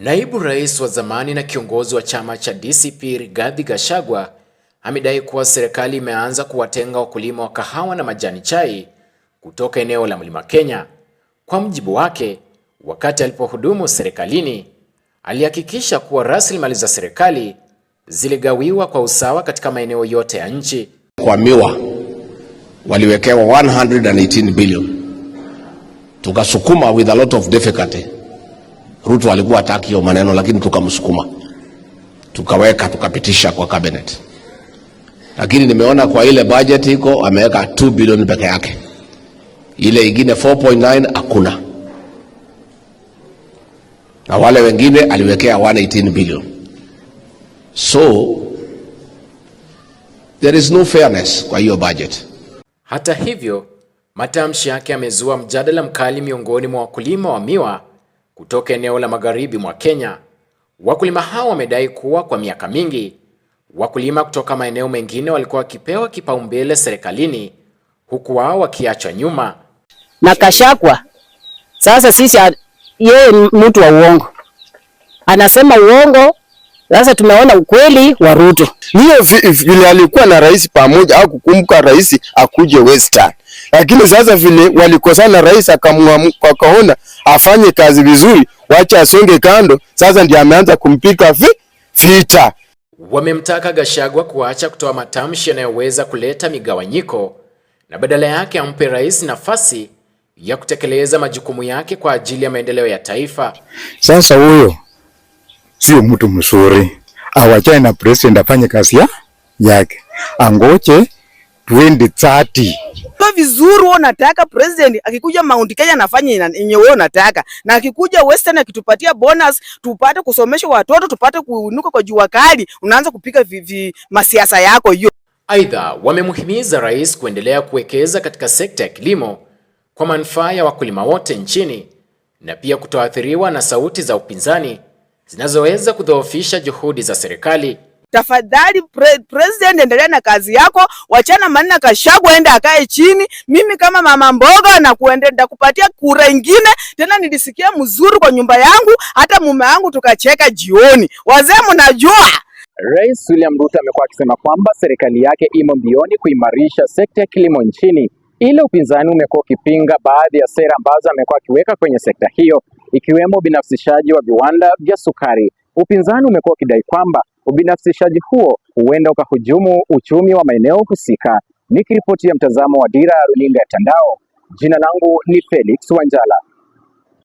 Naibu rais wa zamani na kiongozi wa chama cha DCP Rigathi Gachagua amedai kuwa serikali imeanza kuwatenga wakulima wa kahawa na majani chai kutoka eneo la Mlima Kenya. Kwa mjibu wake, wakati alipohudumu serikalini, alihakikisha kuwa rasilimali za serikali ziligawiwa kwa usawa katika maeneo yote ya nchi. Kwa miwa waliwekewa 118 billion, tukasukuma with a lot of difficulty Ruto alikuwa hataki hiyo maneno, lakini tukamsukuma, tukaweka, tukapitisha kwa cabinet. Lakini nimeona kwa ile budget iko ameweka 2 bilioni peke yake, ile ingine 4.9 hakuna, na wale wengine aliwekea 118 bilioni. So there is no fairness kwa hiyo budget. Hata hivyo matamshi yake amezua mjadala mkali miongoni mwa wakulima wa miwa kutoka eneo la magharibi mwa Kenya. Wakulima hao wamedai kuwa kwa miaka mingi wakulima kutoka maeneo mengine walikuwa wakipewa kipaumbele serikalini, huku wao wakiachwa nyuma na kashakwa. Sasa sisi yeye mtu wa uongo, anasema uongo sasa tumeona ukweli wa Ruto. Hiyo vile alikuwa na rais pamoja au kukumbuka rais akuje Western. Lakini sasa vile walikosana rais rais akaona afanye kazi vizuri, wacha asonge kando, sasa ndiye ameanza kumpika vi, vita. Wamemtaka gashagwa kuacha kutoa matamshi yanayoweza kuleta migawanyiko na badala yake ampe rais nafasi ya kutekeleza majukumu yake kwa ajili ya maendeleo ya taifa. Sasa huyo sio mtu mzuri, awachane na president afanye kazi ya yake, angoje 2030 kwa vizuri. Wewe unataka president akikuja Mount Kenya anafanya yenye wewe unataka, na akikuja Western akitupatia bonus, tupate kusomesha watoto, tupate kuinuka kwa jua kali, unaanza kupika vivi masiasa yako hiyo. Aidha, wamemhimiza rais kuendelea kuwekeza katika sekta ya kilimo kwa manufaa ya wakulima wote nchini na pia kutoathiriwa na sauti za upinzani zinazoweza kudhoofisha juhudi za serikali. Tafadhali pre president, endelea na kazi yako, wachana manna kashagu enda akae chini. Mimi kama mama mboga na kuende ndakupatia kura ingine tena. Nilisikia mzuri kwa nyumba yangu, hata mume wangu tukacheka jioni. Wazee mnajua, Rais William Ruto amekuwa akisema kwamba serikali yake imo mbioni kuimarisha sekta ya kilimo nchini. Ila upinzani umekuwa ukipinga baadhi ya sera ambazo amekuwa akiweka kwenye sekta hiyo, ikiwemo ubinafsishaji wa viwanda vya sukari. Upinzani umekuwa ukidai kwamba ubinafsishaji huo huenda ukahujumu uchumi wa maeneo husika. Nikiripoti ya mtazamo wa Dira ya Runinga ya Tandao, jina langu ni Felix Wanjala.